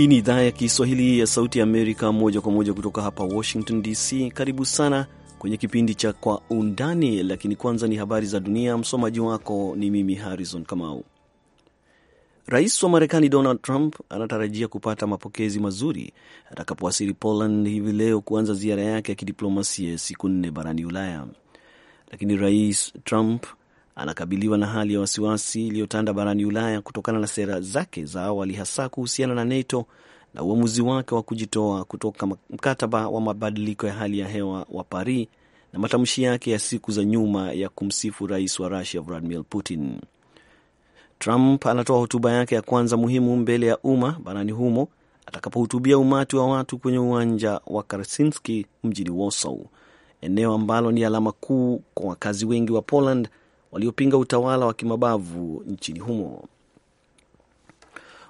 Hii ni idhaa ya Kiswahili ya Sauti ya Amerika, moja kwa moja kutoka hapa Washington DC. Karibu sana kwenye kipindi cha Kwa Undani, lakini kwanza ni habari za dunia. Msomaji wako ni mimi Harrison Kamau. Rais wa Marekani Donald Trump anatarajia kupata mapokezi mazuri atakapowasili Poland hivi leo kuanza ziara yake ya kidiplomasia siku nne barani Ulaya, lakini Rais Trump anakabiliwa na hali ya wasiwasi iliyotanda barani Ulaya kutokana na sera zake za awali, hasa kuhusiana na NATO na uamuzi wake wa kujitoa kutoka mkataba wa mabadiliko ya hali ya hewa wa Paris na matamshi yake ya siku za nyuma ya kumsifu rais wa Rusia Vladimir Putin. Trump anatoa hotuba yake ya kwanza muhimu mbele ya umma barani humo atakapohutubia umati wa watu kwenye uwanja wa Karsinski mjini Warsaw, eneo ambalo ni alama kuu kwa wakazi wengi wa Poland waliopinga utawala wa kimabavu nchini humo.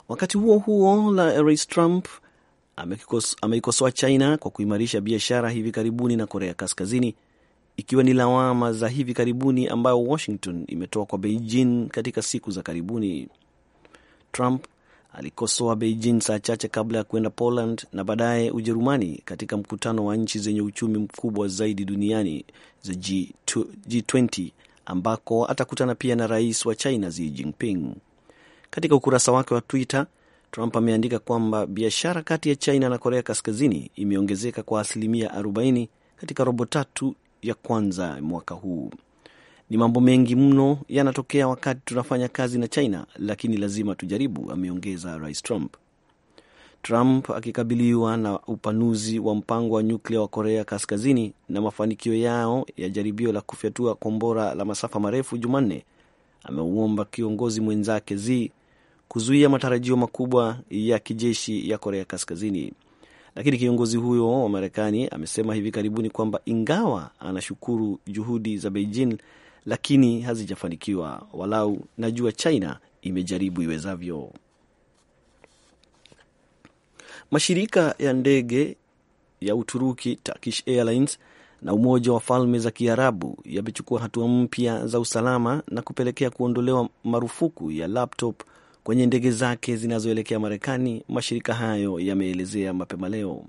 Wakati huo huo, la eh, rais Trump ameikosoa China kwa kuimarisha biashara hivi karibuni na Korea Kaskazini, ikiwa ni lawama za hivi karibuni ambayo Washington imetoa kwa Beijing katika siku za karibuni. Trump alikosoa Beijing saa chache kabla ya kuenda Poland na baadaye Ujerumani katika mkutano wa nchi zenye uchumi mkubwa zaidi duniani za G20 ambako atakutana pia na rais wa China Xi Jinping. Katika ukurasa wake wa Twitter, Trump ameandika kwamba biashara kati ya China na Korea Kaskazini imeongezeka kwa asilimia 40 katika robo tatu ya kwanza mwaka huu. Ni mambo mengi mno yanatokea wakati tunafanya kazi na China, lakini lazima tujaribu, ameongeza Rais Trump. Trump akikabiliwa na upanuzi wa mpango wa nyuklia wa Korea Kaskazini na mafanikio yao ya jaribio la kufyatua kombora la masafa marefu Jumanne, ameuomba kiongozi mwenzake Xi kuzuia matarajio makubwa ya kijeshi ya Korea Kaskazini. Lakini kiongozi huyo wa Marekani amesema hivi karibuni kwamba ingawa anashukuru juhudi za Beijing, lakini hazijafanikiwa. Walau najua China imejaribu iwezavyo. Mashirika ya ndege ya Uturuki, Turkish Airlines na Umoja wa Falme za Kiarabu yamechukua hatua mpya za usalama na kupelekea kuondolewa marufuku ya laptop kwenye ndege zake zinazoelekea Marekani, mashirika hayo yameelezea mapema leo.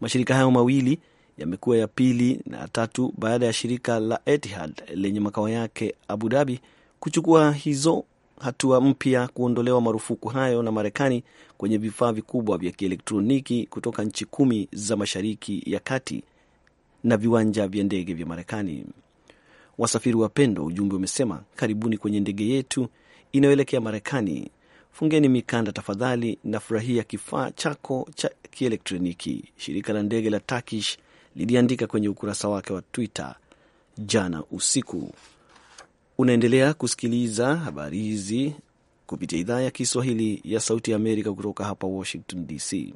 Mashirika hayo mawili yamekuwa ya pili na tatu baada ya shirika la Etihad lenye makao yake Abu Dhabi kuchukua hizo hatua mpya kuondolewa marufuku hayo na Marekani kwenye vifaa vikubwa vya kielektroniki kutoka nchi kumi za Mashariki ya Kati na viwanja vya ndege vya Marekani. Wasafiri wapendwa, ujumbe umesema, karibuni kwenye ndege yetu inayoelekea Marekani. Fungeni mikanda tafadhali na furahia kifaa chako cha kielektroniki. Shirika la ndege la Turkish liliandika kwenye ukurasa wake wa Twitter jana usiku. Unaendelea kusikiliza habari hizi kupitia idhaa ya Kiswahili ya Sauti ya Amerika kutoka hapa Washington DC.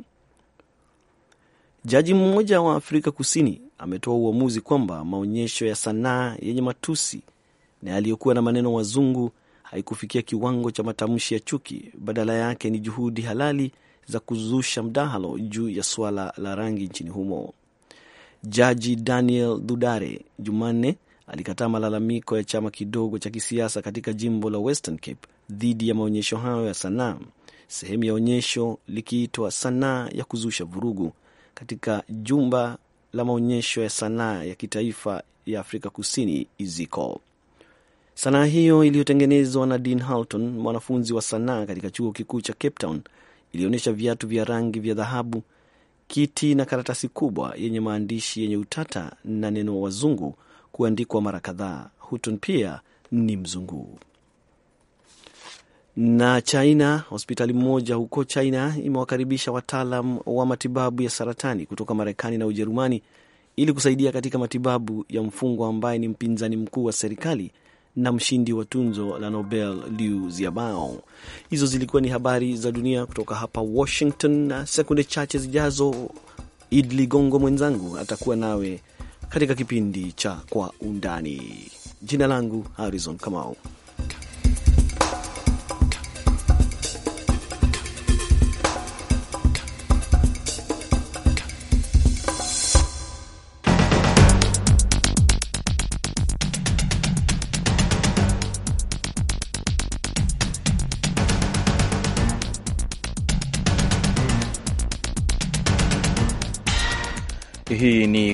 Jaji mmoja wa Afrika Kusini ametoa uamuzi kwamba maonyesho ya sanaa yenye matusi na yaliyokuwa na maneno wazungu haikufikia kiwango cha matamshi ya chuki, badala yake ni juhudi halali za kuzusha mdahalo juu ya suala la rangi nchini humo. Jaji Daniel Dudare Jumanne alikataa malalamiko ya chama kidogo cha kisiasa katika jimbo la Western Cape dhidi ya maonyesho hayo ya sanaa, sehemu ya onyesho likiitwa sanaa ya kuzusha vurugu katika jumba la maonyesho ya sanaa ya kitaifa ya Afrika Kusini Iziko. Sanaa hiyo iliyotengenezwa na Dean Halton, mwanafunzi wa sanaa katika chuo kikuu cha Cape Town, ilionyesha viatu vya rangi vya dhahabu, kiti na karatasi kubwa yenye maandishi yenye utata na neno wazungu kuandikwa mara kadhaa. Hutun pia ni mzungu. Na China, hospitali moja huko China imewakaribisha wataalam wa matibabu ya saratani kutoka Marekani na Ujerumani ili kusaidia katika matibabu ya mfungwa ambaye ni mpinzani mkuu wa serikali na mshindi wa tunzo la Nobel Liu Xiaobo. Hizo zilikuwa ni habari za dunia kutoka hapa Washington, na sekunde chache zijazo Idli Gongo mwenzangu atakuwa nawe katika kipindi cha Kwa Undani. Jina langu Harrison Kamau.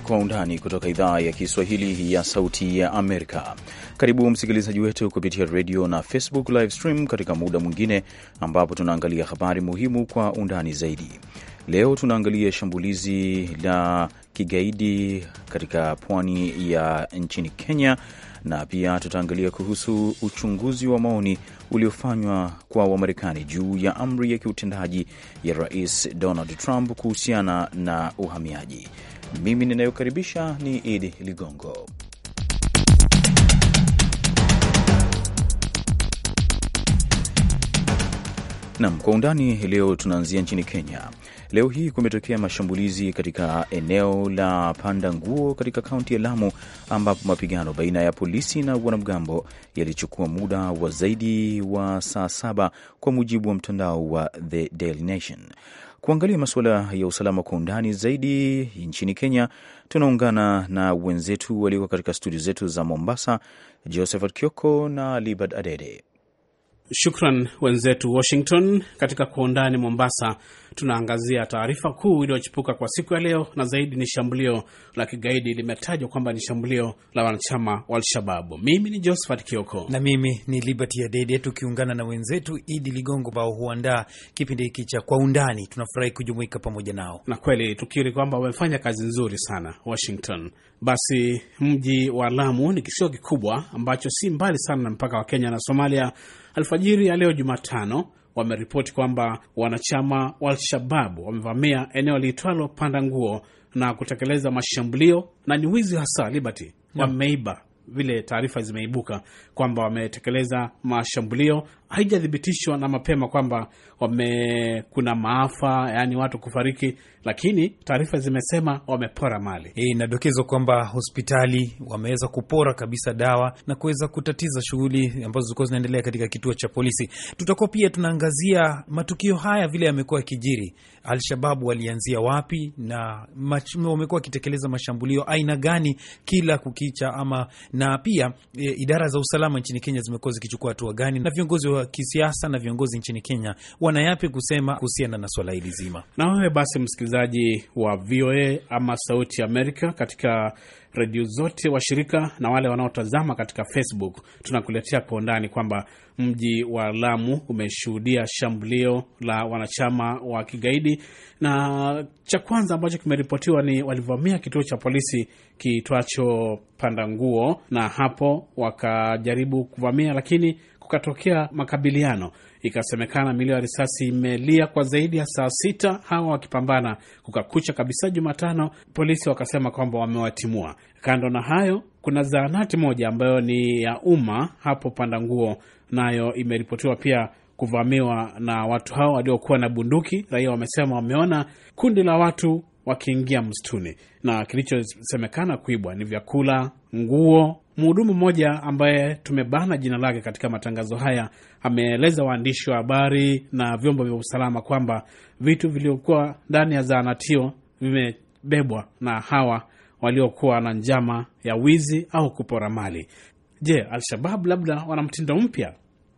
Kwa Undani kutoka idhaa ya Kiswahili ya Sauti ya Amerika. Karibu msikilizaji wetu kupitia redio na Facebook live stream katika muda mwingine ambapo tunaangalia habari muhimu kwa undani zaidi. Leo tunaangalia shambulizi la kigaidi katika pwani ya nchini Kenya, na pia tutaangalia kuhusu uchunguzi wa maoni uliofanywa kwa Wamarekani juu ya amri ya kiutendaji ya Rais Donald Trump kuhusiana na uhamiaji. Mimi ninayokaribisha ni Idi Ligongo. Nam kwa undani leo tunaanzia nchini Kenya Leo hii kumetokea mashambulizi katika eneo la panda nguo katika kaunti ya Lamu, ambapo mapigano baina ya polisi na wanamgambo yalichukua muda wa zaidi wa saa saba, kwa mujibu wa mtandao wa The Daily Nation. Kuangalia masuala ya usalama kwa undani zaidi nchini Kenya, tunaungana na wenzetu walioko katika studio zetu za Mombasa, Josephat Kioko na Libert Adede. Shukran wenzetu Washington. Katika kwa undani Mombasa, tunaangazia taarifa kuu iliyochipuka kwa siku ya leo, na zaidi ni shambulio la kigaidi limetajwa kwamba ni shambulio la wanachama wa Alshababu. Mimi ni Josephat Kioko na mimi ni Liberty Adede, tukiungana na wenzetu Idi Ligongo ambao huandaa kipindi hiki cha kwa undani. Tunafurahi kujumuika pamoja nao, na kweli tukiri kwamba wamefanya kazi nzuri sana Washington. Basi mji wa Lamu ni kisiwa kikubwa ambacho si mbali sana na mpaka wa Kenya na Somalia Alfajiri ya leo Jumatano wameripoti kwamba wanachama wa Al-Shabab wamevamia eneo liitwalo Panda Nguo na kutekeleza mashambulio na ni wizi hasa Liberty, wameiba vile taarifa zimeibuka kwamba wametekeleza mashambulio haijathibitishwa na mapema kwamba wame kuna maafa, yaani watu kufariki, lakini taarifa zimesema wamepora mali. Inadokezwa kwamba hospitali wameweza kupora kabisa dawa na kuweza kutatiza shughuli ambazo zilikuwa zinaendelea katika kituo cha polisi. Tutakuwa pia tunaangazia matukio haya vile yamekuwa yakijiri, Alshababu walianzia wapi na wamekuwa wakitekeleza mashambulio aina gani kila kukicha ama, na pia e, idara za usalama nchini Kenya zimekuwa zikichukua hatua gani na viongozi wa wa kisiasa na viongozi nchini Kenya wana yapi kusema kuhusiana na swala hili zima. Na wewe basi, msikilizaji wa VOA ama Sauti Amerika, katika redio zote washirika na wale wanaotazama katika Facebook, tunakuletea kwa undani kwamba mji wa Lamu umeshuhudia shambulio la wanachama wa kigaidi, na cha kwanza ambacho kimeripotiwa ni walivamia kituo cha polisi kiitwacho nguo na hapo wakajaribu kuvamia, lakini kukatokea makabiliano, ikasemekana milio ya risasi imelia kwa zaidi ya saa sita, hawa wakipambana kukakucha kabisa. Jumatano polisi wakasema kwamba wamewatimua. Kando na hayo, kuna zahanati moja ambayo ni ya umma hapo panda nguo nayo imeripotiwa pia kuvamiwa na watu hao waliokuwa na bunduki. Raia wamesema wameona kundi la watu wakiingia msituni, na kilichosemekana kuibwa ni vyakula, nguo Mhudumu mmoja ambaye tumebana jina lake katika matangazo haya ameeleza waandishi wa habari na vyombo vya usalama kwamba vitu vilivyokuwa ndani ya zaanatio vimebebwa na hawa waliokuwa na njama ya wizi au kupora mali. Je, alshababu labda wana mtindo mpya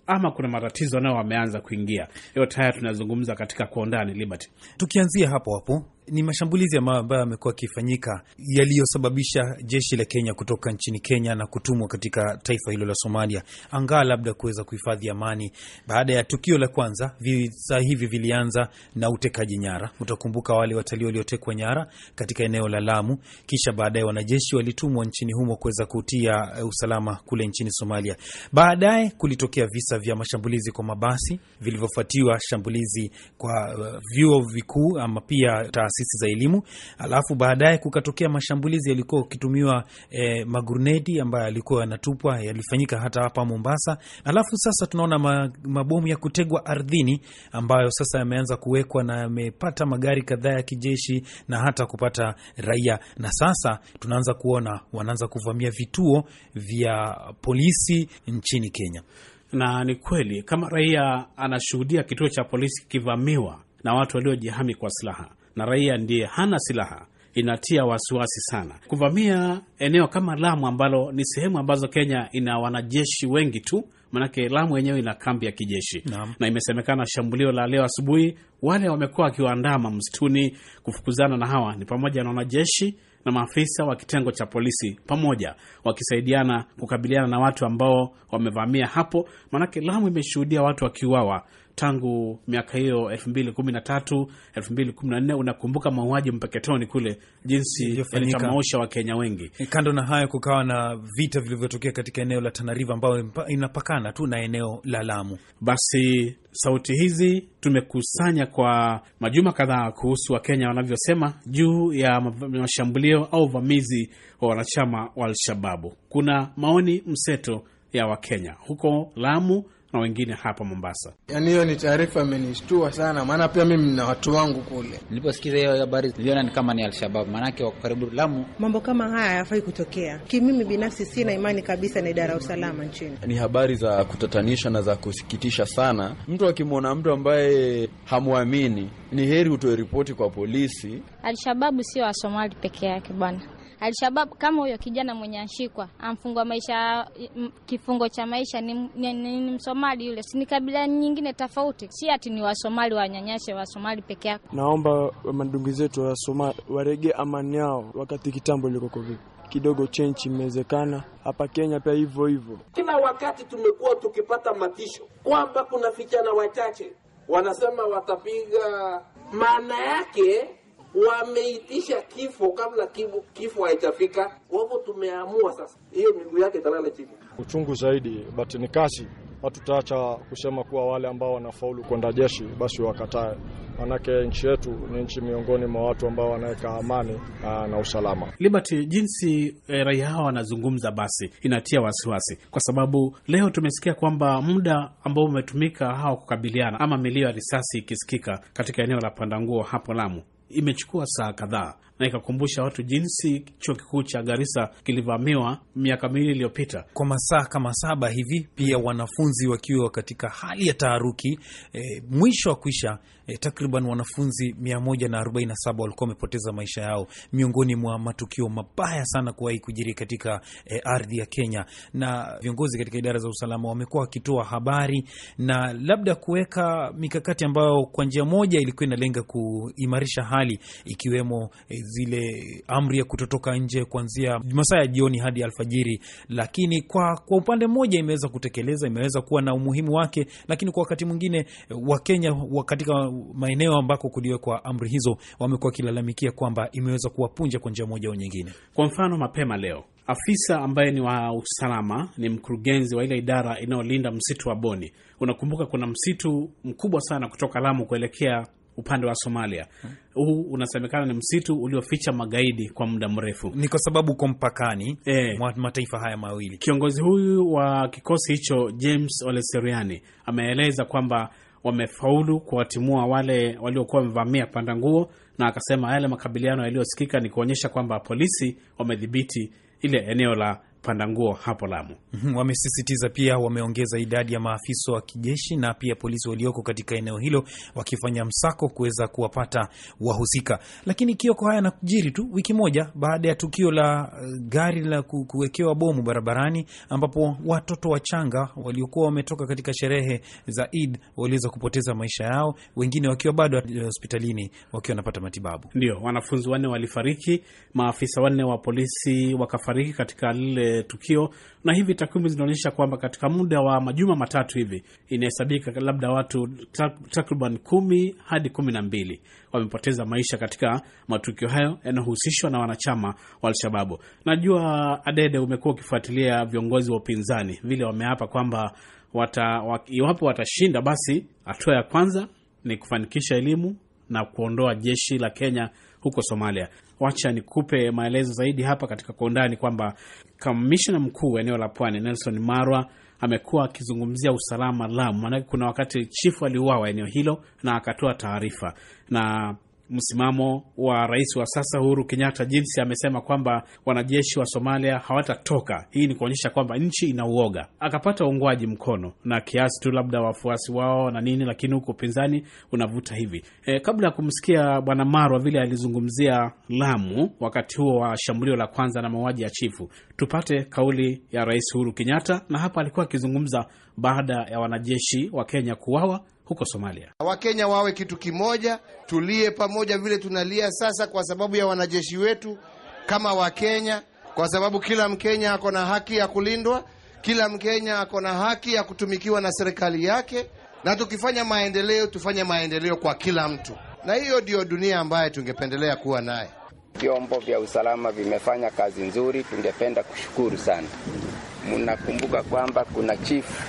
ama kuna matatizo anayo wameanza kuingia? Yote haya tunazungumza katika Kwa Undani. Liberty, tukianzia hapo hapo ni mashambulizi ambayo yamekuwa akifanyika yaliyosababisha jeshi la Kenya kutoka nchini Kenya na kutumwa katika taifa hilo la Somalia, angaa labda kuweza kuhifadhi amani baada ya tukio la kwanza. Visa hivi vilianza na utekaji nyara. Utakumbuka wale watalii waliotekwa nyara katika eneo la Lamu, kisha baadaye wanajeshi walitumwa nchini humo kuweza kutia eh, usalama kule nchini Somalia. Baadaye kulitokea visa vya mashambulizi kwa mabasi vilivyofuatiwa shambulizi kwa eh, vyuo vikuu ama pia taasisi taasisi za elimu, alafu baadaye kukatokea mashambulizi yalikuwa ukitumiwa e, eh, maguruneti ambayo yalikuwa yanatupwa, yalifanyika hata hapa Mombasa, alafu sasa tunaona mabomu ya kutegwa ardhini ambayo sasa yameanza kuwekwa na yamepata magari kadhaa ya kijeshi na hata kupata raia, na sasa tunaanza kuona wanaanza kuvamia vituo vya polisi nchini Kenya. Na ni kweli kama raia anashuhudia kituo cha polisi kikivamiwa na watu waliojihami kwa silaha, na raia ndiye hana silaha inatia wasiwasi sana. Kuvamia eneo kama Lamu ambalo ni sehemu ambazo Kenya ina wanajeshi wengi tu, manake Lamu yenyewe ina kambi ya kijeshi na, na imesemekana shambulio la leo asubuhi, wale wamekuwa wakiwaandama msituni kufukuzana na hawa ni pamoja na wanajeshi na maafisa wa kitengo cha polisi pamoja wakisaidiana kukabiliana na watu ambao wamevamia hapo. manake Lamu imeshuhudia watu wakiuawa tangu miaka hiyo elfu Unakumbuka mauaji Mpeketoni kule jinsi yalitamausha Wakenya wengi. E, kando na hayo, kukawa na vita vilivyotokea katika eneo la tanariva ambayo inapakana tu na eneo la Lamu. Basi sauti hizi tumekusanya kwa majuma kadhaa kuhusu Wakenya wanavyosema juu ya mashambulio au uvamizi wa wanachama wa Alshababu. Kuna maoni mseto ya Wakenya huko Lamu na wengine hapa Mombasa. Yaani hiyo ni taarifa imenishtua sana, maana pia mimi na watu wangu kule. Niliposikiza hiyo habari niliona ni kama ni Alshabab, maanake wako karibu Lamu. Mambo kama haya hayafai kutokea. Kimimi binafsi sina imani kabisa na idara ya usalama nchini. Ni habari za kutatanisha na za kusikitisha sana. Mtu akimwona mtu ambaye hamwamini, ni heri utoe ripoti kwa polisi. Alshababu sio Wasomali peke yake bwana Alshabab kama huyo kijana mwenye ashikwa amfungwa maisha kifungo cha maisha ni, ni, ni, ni Msomali yule, si ni kabila nyingine tofauti, si ati ni Wasomali wanyanyashe Wasomali peke yake. Naomba mandungu zetu wa Somali warege amani yao, wakati kitambo ilikoko vipi kidogo chenchi imewezekana hapa Kenya pia hivyo hivyo. Kila wakati tumekuwa tukipata matisho kwamba kuna vijana wachache wanasema watapiga, maana yake wameitisha kifo kabla kifo, kifo haitafika. Kwa hivyo tumeamua sasa, hiyo miguu yake italala chini. Uchungu zaidi, bati ni kasi hatutaacha kusema kuwa wale ambao wanafaulu kwenda jeshi basi wakatae, manake nchi yetu ni nchi miongoni mwa watu ambao wanaweka amani ah, na usalama. Liberty, jinsi e, raia hawa wanazungumza basi inatia wasiwasi wasi, kwa sababu leo tumesikia kwamba muda ambao umetumika hawa kukabiliana ama milio ya risasi ikisikika katika eneo la Pandanguo hapo Lamu imechukua saa kadhaa na ikakumbusha watu jinsi chuo kikuu cha Garissa kilivamiwa miaka miwili iliyopita kwa masaa kama saba hivi, pia wanafunzi wakiwa katika hali ya taharuki. E, mwisho wa kuisha e, takriban wanafunzi 147 walikuwa wamepoteza maisha yao, miongoni mwa matukio mabaya sana kuwahi kujiri katika e, ardhi ya Kenya, na viongozi katika idara za usalama wamekuwa wakitoa habari na labda kuweka mikakati ambayo kwa njia moja ilikuwa inalenga kuimarisha hali mbalimbali ikiwemo eh, zile amri ya kutotoka nje kuanzia masaa ya jioni hadi alfajiri. Lakini kwa, kwa upande mmoja imeweza kutekeleza, imeweza kuwa na umuhimu wake, lakini kwa wakati mwingine eh, Wakenya katika maeneo ambako kuliwekwa amri hizo wamekuwa wakilalamikia kwamba imeweza kuwapunja kwa njia moja au nyingine. Kwa mfano, mapema leo afisa ambaye ni wa usalama ni mkurugenzi wa ile idara inayolinda msitu wa Boni. Unakumbuka kuna msitu mkubwa sana kutoka Lamu kuelekea upande wa Somalia hmm. huu unasemekana ni msitu ulioficha magaidi kwa muda mrefu, ni kwa sababu uko mpakani e, mwa mataifa haya mawili. Kiongozi huyu wa kikosi hicho James Oleseriani ameeleza kwamba wamefaulu kuwatimua wale waliokuwa wamevamia panda nguo, na akasema yale makabiliano yaliyosikika ni kuonyesha kwamba polisi wamedhibiti ile eneo la panda nguo hapo Lamu. Mhm, wamesisitiza pia, wameongeza idadi ya maafisa wa kijeshi na pia polisi walioko katika eneo hilo wakifanya msako kuweza kuwapata wahusika. Lakini Kioko, haya nakujiri tu wiki moja baada ya tukio la eh, gari la kuwekewa bomu barabarani, ambapo watoto wachanga waliokuwa wametoka katika sherehe za Eid waliweza kupoteza maisha yao, wengine wakiwa bado hospitalini wakiwa wanapata matibabu. Ndio wanafunzi wanne walifariki, maafisa wanne wa polisi wakafariki katika lile tukio, na hivi takwimu zinaonyesha kwamba katika muda wa majuma matatu hivi inahesabika labda watu takriban kumi hadi kumi na mbili wamepoteza maisha katika matukio hayo yanayohusishwa na wanachama wa Alshababu. Najua Adede, umekuwa ukifuatilia viongozi wa upinzani vile wameapa kwamba wata, iwapo watashinda, basi hatua ya kwanza ni kufanikisha elimu na kuondoa jeshi la Kenya huko Somalia wacha nikupe maelezo zaidi hapa katika kwa undani kwamba kamishna mkuu eneo la Pwani Nelson Marwa amekuwa akizungumzia usalama Lamu, maanake kuna wakati chifu aliuawa eneo hilo na akatoa taarifa na msimamo wa rais wa sasa Uhuru Kenyatta, jinsi amesema kwamba wanajeshi wa Somalia hawatatoka. Hii ni kuonyesha kwamba nchi ina uoga. Akapata uungwaji mkono na kiasi tu, labda wafuasi wao na nini, lakini huko upinzani unavuta hivi. E, kabla ya kumsikia Bwana Marwa vile alizungumzia Lamu wakati huo wa shambulio la kwanza na mauaji ya chifu, tupate kauli ya rais Uhuru Kenyatta, na hapa alikuwa akizungumza baada ya wanajeshi wa Kenya kuwawa huko Somalia. Wakenya wawe kitu kimoja, tulie pamoja vile tunalia sasa, kwa sababu ya wanajeshi wetu kama Wakenya, kwa sababu kila Mkenya ako na haki ya kulindwa, kila Mkenya ako na haki ya kutumikiwa na serikali yake, na tukifanya maendeleo, tufanye maendeleo kwa kila mtu, na hiyo ndiyo dunia ambayo tungependelea kuwa naye. Vyombo vya usalama vimefanya kazi nzuri, tungependa kushukuru sana. Mnakumbuka kwamba kuna chifu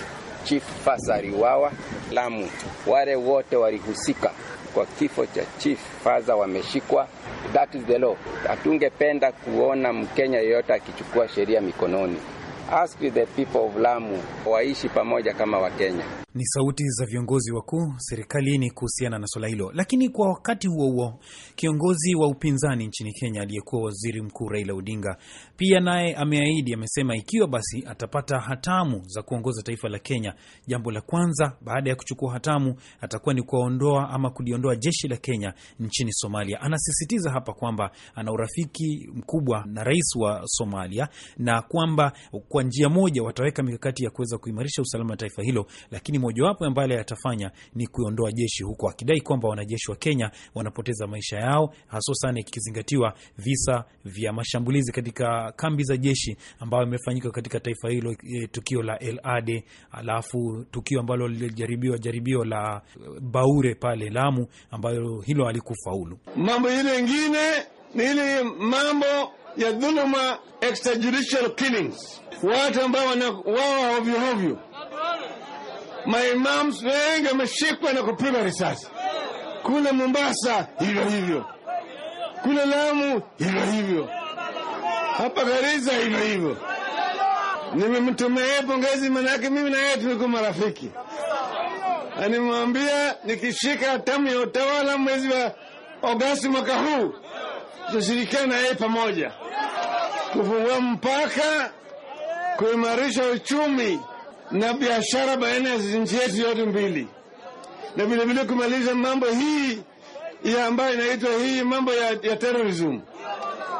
Chief Fazari Wawa Lamu. Wale wote walihusika kwa kifo cha Chief Faza wameshikwa. That is the law. Hatungependa kuona Mkenya yeyote akichukua sheria mikononi. Ask the people of Lamu waishi pamoja kama Wakenya. Ni sauti za viongozi wakuu serikalini kuhusiana na swala hilo. Lakini kwa wakati huo huo, kiongozi wa upinzani nchini Kenya aliyekuwa waziri mkuu Raila Odinga pia naye ameahidi, amesema ikiwa basi atapata hatamu za kuongoza taifa la Kenya, jambo la kwanza baada ya kuchukua hatamu atakuwa ni kuwaondoa ama kuliondoa jeshi la Kenya nchini Somalia. Anasisitiza hapa kwamba ana urafiki mkubwa na rais wa Somalia na kwamba kwa kwa njia moja wataweka mikakati ya kuweza kuimarisha usalama wa taifa hilo, lakini mojawapo ambalo yatafanya ni kuondoa jeshi huko, akidai kwamba wanajeshi wa Kenya wanapoteza maisha yao, sana ikizingatiwa visa vya mashambulizi katika kambi za jeshi ambayo imefanyika katika taifa hilo, e, tukio la El Ade, alafu tukio ambalo lilijaribiwa jaribio la Baure pale Lamu, ambayo hilo alikufaulu. Mambo ile ingine ni ile mambo ya dhuluma extrajudicial killings, watu ambao wanauawa ovyo. Maimams wengi wameshikwa na kupigwa risasi. Kule Mombasa hivyo hivyo, kule Lamu hivyo hivyo, hapa Garissa hivyo hivyo. Nimemtumia pongezi, manake mimi na yeye tulikuwa marafiki. Animwambia nikishika hatamu ya utawala mwezi wa Agosti mwaka huu tutashirikiana na yeye pamoja kufungua mpaka, kuimarisha uchumi na biashara baina ya nchi yetu yote mbili, na vilevile kumaliza mambo hii ya ambayo inaitwa hii mambo ya, ya terrorism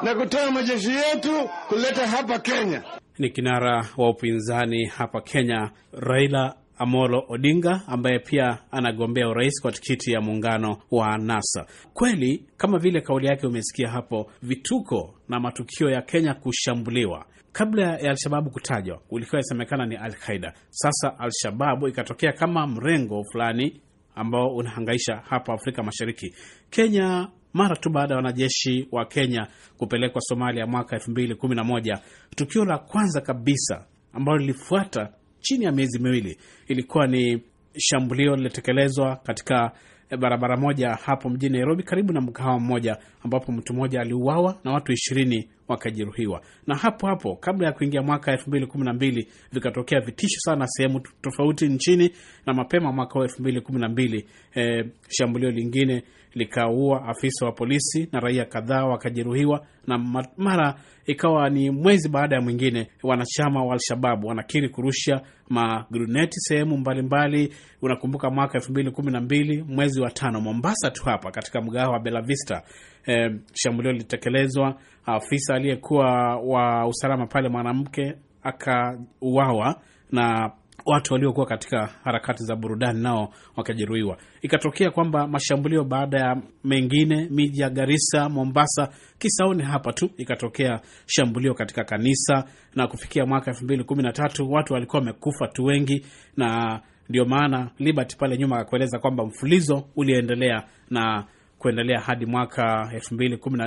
na kutoa majeshi yetu kuleta hapa Kenya. Ni kinara wa upinzani hapa Kenya Raila Amolo Odinga ambaye pia anagombea urais kwa tikiti ya muungano wa NASA. Kweli kama vile kauli yake umesikia hapo, vituko na matukio ya Kenya kushambuliwa kabla ya Alshababu kutajwa ulikuwa inasemekana ni alqaida Sasa Alshababu ikatokea kama mrengo fulani ambao unahangaisha hapa Afrika Mashariki. Kenya mara tu baada ya wanajeshi wa Kenya kupelekwa Somalia mwaka elfu mbili kumi na moja tukio la kwanza kabisa ambalo lilifuata chini ya miezi miwili. Ilikuwa ni shambulio lilitekelezwa katika eh, barabara moja hapo mjini Nairobi, karibu na mkahawa mmoja, ambapo mtu mmoja aliuawa na watu ishirini wakajeruhiwa. Na hapo hapo kabla ya kuingia mwaka elfu mbili kumi na mbili vikatokea vitisho sana sehemu tofauti nchini, na mapema mwaka wa elfu mbili kumi na mbili eh, shambulio lingine likaua afisa wa polisi na raia kadhaa wakajeruhiwa, na mara ikawa ni mwezi baada ya mwingine, wanachama wa Alshababu wanakiri kurusha magruneti sehemu mbalimbali. Unakumbuka mwaka elfu mbili kumi na mbili mwezi wa tano, Mombasa tu hapa katika mgahawa wa Belavista e, shambulio lilitekelezwa. Afisa aliyekuwa wa usalama pale mwanamke akauawa na watu waliokuwa katika harakati za burudani nao wakajeruhiwa. Ikatokea kwamba mashambulio baada ya mengine, miji ya Garissa, Mombasa, Kisauni hapa tu ikatokea shambulio katika kanisa, na kufikia mwaka elfu mbili kumi na tatu watu walikuwa wamekufa tu wengi, na ndio maana Liberty pale nyuma akakueleza kwamba mfulizo uliendelea na kuendelea hadi mwaka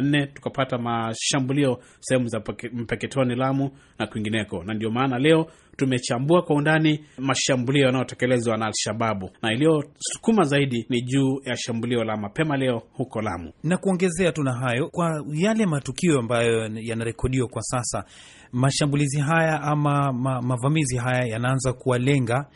nne tukapata mashambulio sehemu za Mpeketoni, Lamu na kwingineko, na ndio maana leo tumechambua kwa undani mashambulio yanayotekelezwa na Alshababu na iliyosukuma zaidi ni juu ya shambulio la mapema leo huko Lamu. Na kuongezea tu na hayo, kwa yale matukio ambayo yanarekodiwa kwa sasa, mashambulizi haya ama ma, mavamizi haya yanaanza kuwalenga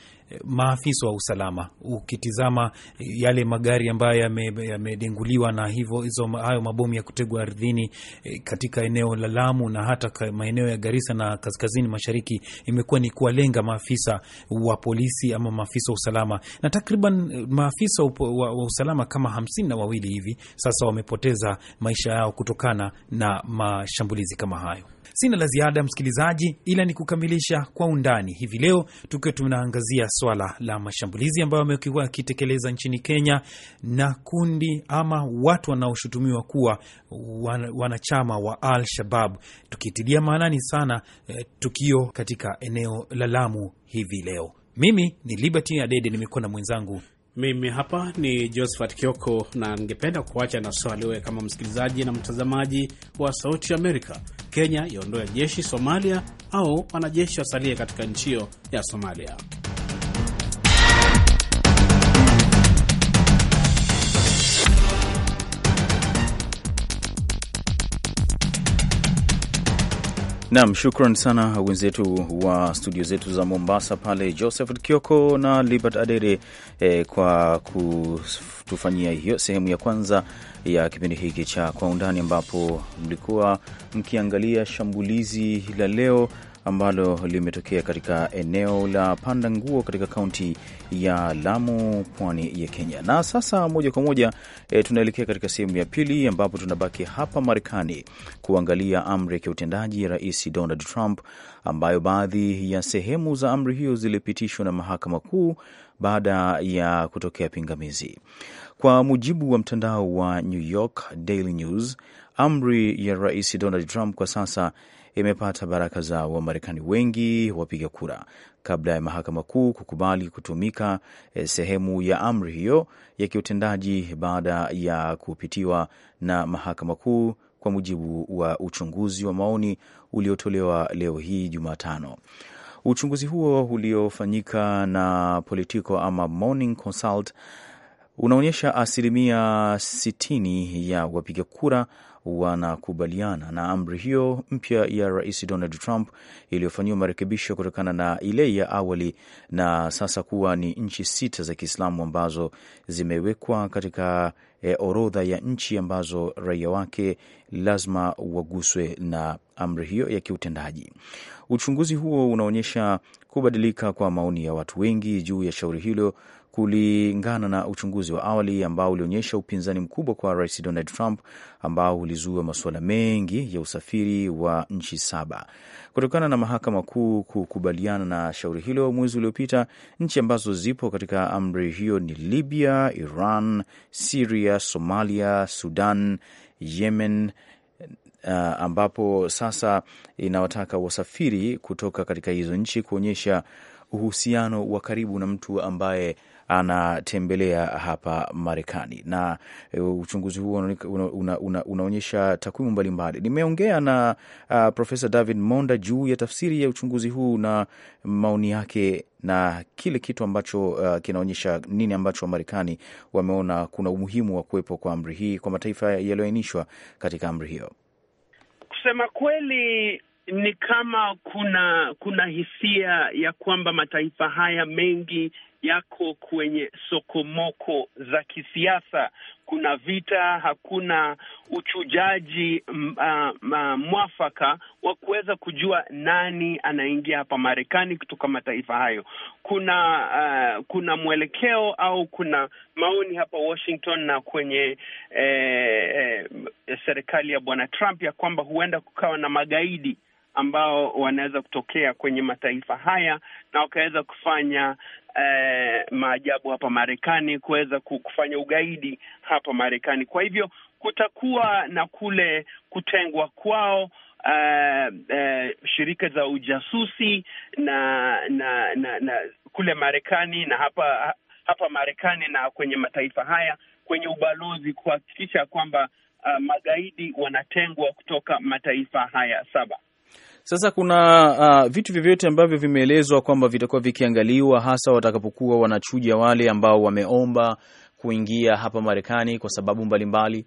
maafisa wa usalama. Ukitizama yale magari ambayo yamedenguliwa na hivyo hizo hayo mabomu ya kutegwa ardhini eh, katika eneo la Lamu na hata maeneo ya Garissa na kaskazini mashariki, imekuwa ni kuwalenga maafisa wa polisi ama maafisa wa usalama, na takriban eh, maafisa wa usalama kama hamsini na wawili hivi sasa wamepoteza maisha yao kutokana na mashambulizi kama hayo. Sina la ziada msikilizaji, ila ni kukamilisha kwa undani hivi leo, tukiwa tunaangazia swala la mashambulizi ambayo amekuwa akitekeleza nchini Kenya na kundi ama watu wanaoshutumiwa kuwa wanachama wa Al Shabab, tukitilia maanani sana eh, tukio katika eneo la Lamu hivi leo. Mimi ni Liberty Adede, nimekuwa na mwenzangu mimi hapa ni Josephat Kioko, na ningependa kuacha na swali wewe kama msikilizaji na mtazamaji wa Sauti Amerika. Kenya iondoe jeshi Somalia au wanajeshi wasalie katika nchi hiyo ya Somalia. Nam, shukran sana wenzetu wa studio zetu za Mombasa pale, Joseph Kioko na Libert Adere eh, kwa ku kutufanyia hiyo sehemu ya kwanza ya kipindi hiki cha Kwa Undani, ambapo mlikuwa mkiangalia shambulizi la leo ambalo limetokea katika eneo la panda nguo katika kaunti ya Lamu, pwani ya Kenya. Na sasa moja kwa moja e, tunaelekea katika sehemu ya pili ambapo tunabaki hapa Marekani kuangalia amri ya kiutendaji ya Rais Donald Trump ambayo baadhi ya sehemu za amri hiyo zilipitishwa na mahakama kuu baada ya kutokea pingamizi. Kwa mujibu wa mtandao wa New York Daily News, amri ya Rais Donald Trump kwa sasa imepata baraka za Wamarekani wengi wapiga kura kabla ya mahakama kuu kukubali kutumika eh, sehemu ya amri hiyo ya kiutendaji baada ya kupitiwa na mahakama kuu kwa mujibu wa uchunguzi wa maoni uliotolewa leo hii Jumatano. Uchunguzi huo uliofanyika na Politico ama Morning Consult unaonyesha asilimia 60 ya wapiga kura wanakubaliana na amri hiyo mpya ya Rais Donald Trump iliyofanyiwa marekebisho kutokana na ile ya awali, na sasa kuwa ni nchi sita za Kiislamu ambazo zimewekwa katika e, orodha ya nchi ambazo raia wake lazima waguswe na amri hiyo ya kiutendaji. Uchunguzi huo unaonyesha kubadilika kwa maoni ya watu wengi juu ya shauri hilo kulingana na uchunguzi wa awali ambao ulionyesha upinzani mkubwa kwa rais Donald Trump ambao ulizua masuala mengi ya usafiri wa nchi saba. Kutokana na mahakama kuu kukubaliana na shauri hilo mwezi uliopita, nchi ambazo zipo katika amri hiyo ni Libya, Iran, Siria, Somalia, Sudan, Yemen Uh, ambapo sasa inawataka wasafiri kutoka katika hizo nchi kuonyesha uhusiano wa karibu na mtu ambaye anatembelea hapa Marekani, na e, uchunguzi huo unaonyesha una, una, una takwimu mbalimbali. Nimeongea na uh, Profesa David Monda juu ya tafsiri ya uchunguzi huu na maoni yake na kile kitu ambacho uh, kinaonyesha nini ambacho Wamarekani wameona kuna umuhimu wa kuwepo kwa amri hii kwa mataifa yaliyoainishwa katika amri hiyo. Kusema kweli ni kama kuna kuna hisia ya kwamba mataifa haya mengi yako kwenye sokomoko za kisiasa. Kuna vita, hakuna uchujaji mwafaka wa kuweza kujua nani anaingia hapa Marekani kutoka mataifa hayo. Kuna uh, kuna mwelekeo au kuna maoni hapa Washington na kwenye eh, eh, serikali ya Bwana Trump ya kwamba huenda kukawa na magaidi ambao wanaweza kutokea kwenye mataifa haya na wakaweza kufanya eh, maajabu hapa Marekani, kuweza kufanya ugaidi hapa Marekani. Kwa hivyo kutakuwa na kule kutengwa kwao. Uh, uh, shirika za ujasusi na na, na, na kule Marekani na hapa hapa Marekani na kwenye mataifa haya kwenye ubalozi kuhakikisha kwamba uh, magaidi wanatengwa kutoka mataifa haya saba. Sasa kuna uh, vitu vyovyote ambavyo vimeelezwa kwamba vitakuwa vikiangaliwa hasa watakapokuwa wanachuja wale ambao wameomba kuingia hapa Marekani kwa sababu mbalimbali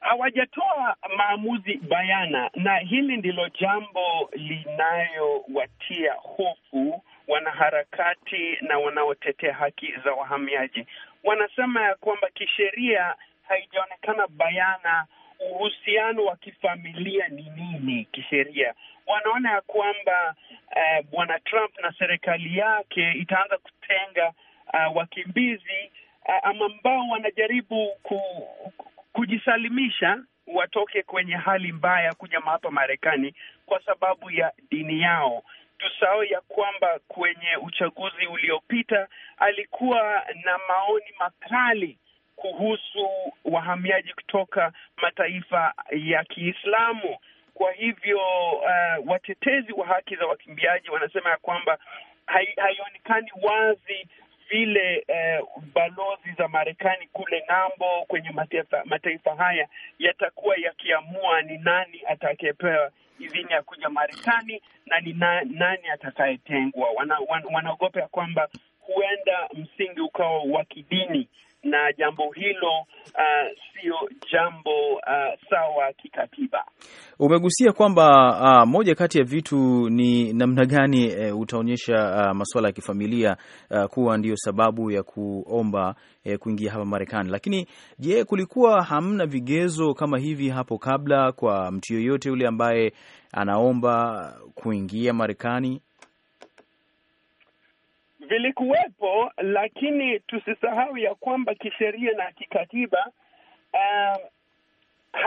hawajatoa maamuzi bayana, na hili ndilo jambo linayowatia hofu wanaharakati na wanaotetea haki za wahamiaji. Wanasema ya kwamba kisheria haijaonekana bayana uhusiano wa kifamilia ni nini kisheria. Wanaona ya kwamba uh, bwana Trump na serikali yake itaanza kutenga uh, wakimbizi uh, ama ambao wanajaribu ku, kujisalimisha watoke kwenye hali mbaya kuja hapa Marekani kwa sababu ya dini yao. Tusahau ya kwamba kwenye uchaguzi uliopita alikuwa na maoni makali kuhusu wahamiaji kutoka mataifa ya Kiislamu. Kwa hivyo uh, watetezi wa haki za wakimbiaji wanasema ya kwamba haionekani wazi vile uh, balozi za Marekani kule ng'ambo kwenye mataifa, mataifa haya yatakuwa yakiamua ni nani atakayepewa idhini ya kuja Marekani na ni na, nani atakayetengwa. Wanaogopa wana, wana ya kwamba huenda msingi ukawa wa kidini na jambo hilo uh, sio jambo uh, sawa kikatiba. Umegusia kwamba uh, moja kati ya vitu ni namna gani uh, utaonyesha uh, masuala ya kifamilia uh, kuwa ndiyo sababu ya kuomba uh, kuingia hapa Marekani. Lakini je, kulikuwa hamna vigezo kama hivi hapo kabla kwa mtu yoyote yule ambaye anaomba kuingia Marekani? vilikuwepo, lakini tusisahau ya kwamba kisheria na kikatiba uh,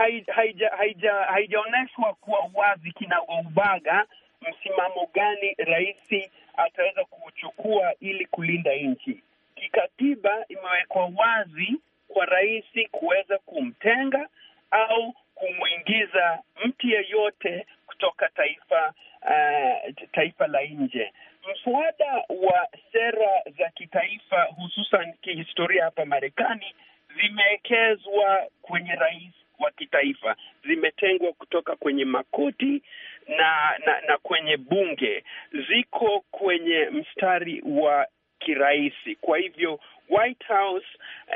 eh, haijaonyeshwa haija, haija kuwa wazi kinagaubaga msimamo gani rais ataweza kuchukua ili kulinda nchi. Kikatiba imewekwa wazi kwa rais kuweza kumtenga au kumwingiza mtu yeyote kutoka taifa uh, taifa la nje mswada wa sera za kitaifa hususan kihistoria hapa Marekani zimeekezwa kwenye rais wa kitaifa, zimetengwa kutoka kwenye makoti na, na na kwenye bunge, ziko kwenye mstari wa kirahisi. Kwa hivyo White House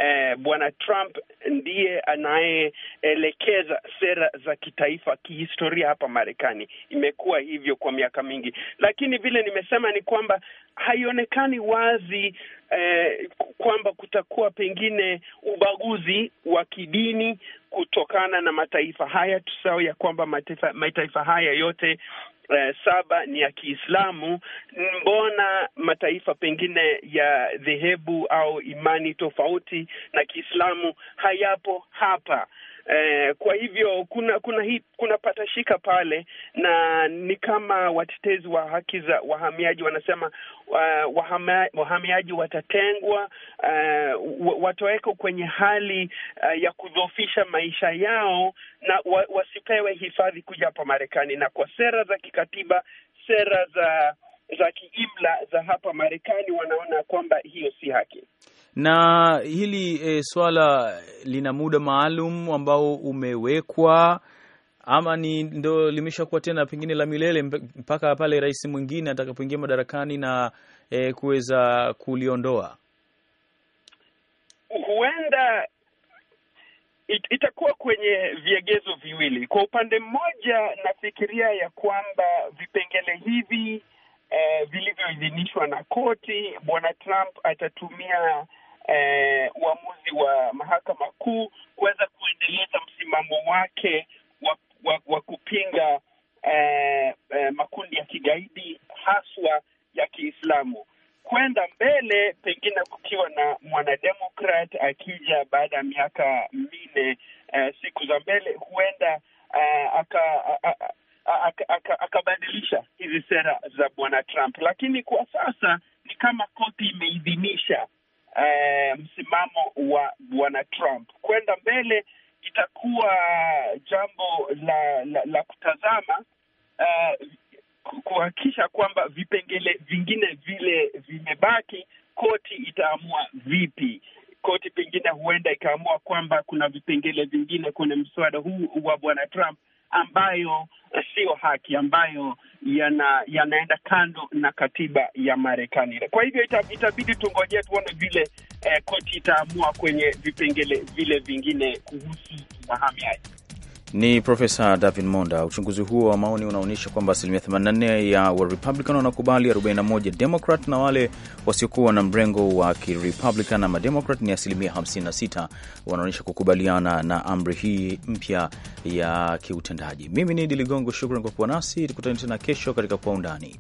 eh, bwana Trump ndiye anayeelekeza sera za kitaifa kihistoria hapa Marekani. Imekuwa hivyo kwa miaka mingi, lakini vile nimesema ni kwamba haionekani wazi eh, kwamba kutakuwa pengine ubaguzi wa kidini kutokana na mataifa haya. Tusao ya kwamba mataifa, mataifa haya yote eh, saba ni ya Kiislamu, mbona mataifa pengine ya dhehebu au imani tofauti na Kiislamu hayapo hapa? Eh, kwa hivyo kuna kuna hi, kuna patashika pale, na ni kama watetezi wa haki za wahamiaji wanasema uh, wahamiaji watatengwa uh, watawekwa kwenye hali uh, ya kudhoofisha maisha yao na wa, wasipewe hifadhi kuja hapa Marekani, na kwa sera za kikatiba, sera za za kiimla za hapa Marekani, wanaona kwamba hiyo si haki na hili e, swala lina muda maalum ambao umewekwa ama ni ndo limeshakuwa tena pengine la milele mpaka pale rais mwingine atakapoingia madarakani na e, kuweza kuliondoa? Huenda it, itakuwa kwenye viegezo viwili. Kwa upande mmoja, nafikiria ya kwamba vipengele hivi eh, vilivyoidhinishwa na koti, bwana Trump atatumia eh, uamuzi wa mahakama kuu kuweza kuendeleza msimamo wake wa, wa, wa kupinga eh, eh, makundi ya kigaidi haswa ya Kiislamu kwenda mbele, pengine kukiwa na mwanademokrat akija baada ya miaka minne, eh, siku za mbele huenda eh, akabadilisha aka, aka hizi sera za bwana Trump, lakini kwa sasa ni kama koti imeidhinisha eh, msimamo wa bwana Trump kwenda mbele itakuwa jambo la la, la kutazama eh, kuhakikisha kwamba vipengele vingine vile vimebaki. Koti itaamua vipi? Koti pengine huenda ikaamua kwamba kuna vipengele vingine kwenye mswada huu wa bwana Trump ambayo sio haki, ambayo yana yanaenda kando na katiba ya Marekani. Kwa hivyo itabidi tungojea tuone vile eh, koti itaamua kwenye vipengele vile vingine kuhusu wahamiaji. Ni Profesa David Monda. Uchunguzi huo wa maoni unaonyesha kwamba asilimia 84 ya Warepublican wanakubali, 41 Democrat, na wale wasiokuwa na mrengo wa Kirepublican ama Democrat ni asilimia 56 wanaonyesha kukubaliana na amri hii mpya ya kiutendaji. Mimi ni Idi Ligongo, shukran kwa kuwa nasi. Tukutane tena kesho katika Kwa Undani.